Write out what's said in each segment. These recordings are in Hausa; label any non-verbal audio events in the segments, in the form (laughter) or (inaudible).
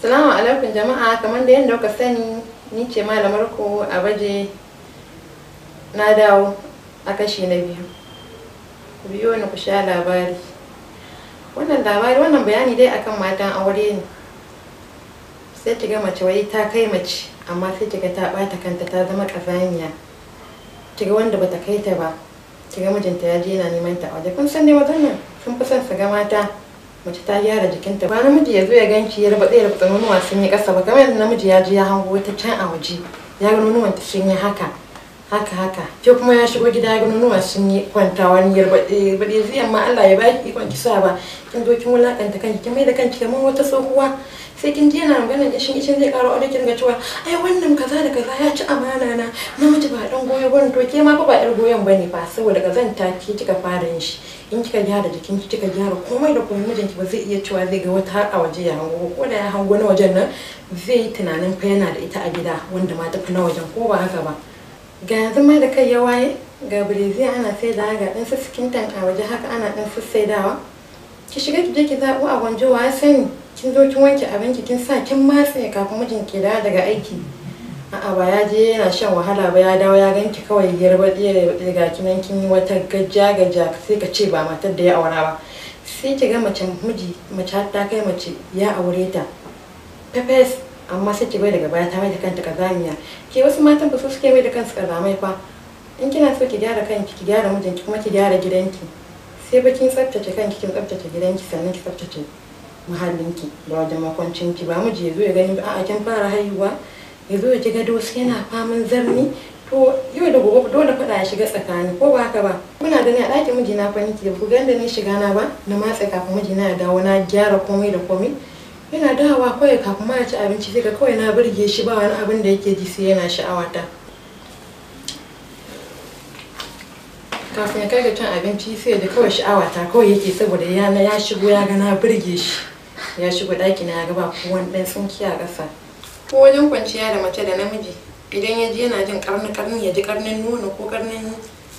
Assalamu alaikum jama'a kamar da yadda kuka sani ni ce malamar ku a baje na dawo a kashi na biyu. Ku biyo ni ku sha labari. Wannan labari wannan bayani dai akan matan aure ne. Sai ki ga mace wai ta kai mace amma sai ki ga ta bata kanta ta zama kazaniya. Ki ga wanda bata kai ta ba. Ki ga mijinta ya je yana neman ta waje kun san ne wajen nan sun fi son su ga mata. mace ta gyara jikinta ba namiji ya zo ya ganki ya raba ɗaya da sun yi ƙasa ba kamar yadda namiji ya ji ya hango wata can a waje ya ga nunuwan ta sun yi haka haka haka ke kuma ya shigo gida ya nunuwa sun yi kwanta wani yarbaɗe eh, zai amma Allah ya baki ikon ki sa ba kin zo kin wulakanta kanki kin mai da kanki kamar wata tsohuwa sai kin je yana magana shin ishin zai karo aure kin ga cewa ai wannan kaza da kaza ya ci amana na namiji ba dan goyo bane to ke ma fa ba yar goyon bane fa saboda kazanta ki kika fara yin shi in kika gyara jikin ki kika gyara komai da komai mijinki ba zai iya cewa zai ga wata har a waje ya hango ko da ya hango na wajen nan zai tunanin fa yana da ita a gida wanda ma tafi na wajen ko ba haka ba ga yanzu ma da kai ya waye ga birizi ana saidawa ga ɗan sussukin tan a waje haka ana ɗan sassaidawa ki shiga ki je ki zaɓo a gwanjo wa sani kin zo kin wanke abinki kin sa kin matse kafin mijin ke dawo daga aiki a'a ba ya je yana shan wahala ba ya dawo ya ganki kawai yarba ɗaya ga kinan kin yi wata gajja gajja sai ka ce ba matar da ya aura ba sai ki ga mace miji mace ta kai mace ya aure ta pepes amma sai ki bai daga baya ta mai da kanta kazamiya ke wasu matan ba su suke mai da kansu kazamai fa in kina so ki gyara kanki ki gyara mijinki kuma ki gyara gidanki sai ba kin tsaftace kanki kin tsaftace gidanki sannan ki tsaftace muhallinki da wajen makwancinki ba miji ya zo ya gani a'a kin fara haihuwa ya zo ya ji gado sai yana faman zarni to yau da gobe dole faɗa ya shiga tsakani ko ba haka ba muna gani a ɗakin mijina fa nake ku ganda na ni shiga na ba na matsa kafin mijina ya dawo na gyara komai da komai yana dawowa kawai kafin ma ya ci abinci sai ga kawai na burge shi ba wani abin da yake ji sai yana sha'awata kafin ya kai ga cin abinci sai da kawai sha'awata kawai yake saboda yana ya shigo ya ga na burge shi ya shigo ɗaki na ya ga ba kowan ɗan tsinki a ƙasa ko wajen kwanciya da mace da namiji idan ya ji yana jin karni karni ya ji karnin nono ko karnin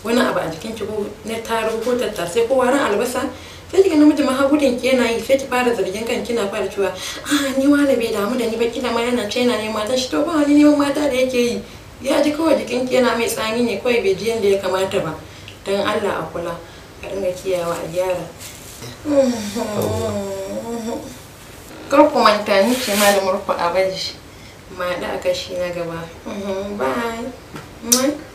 wani abu a jikin ki ko na taro ko tattasai ko warin albasa sai kiga namiji ma gudun ki yana yi sai ki fara zargin kan kina fara cewa ah ni wani bai damu da ni ba kila ma yana ce yana neman mata shi to ba wani neman mata da yake yi ya ji kawai jikin ki yana mai tsami ne kawai bai ji yanda ya kamata ba dan Allah a kula a dinga kiyawa a gyara (laughs) kar ku manta ni ce malamar ku a baji ma da a kashi na gaba (laughs) bye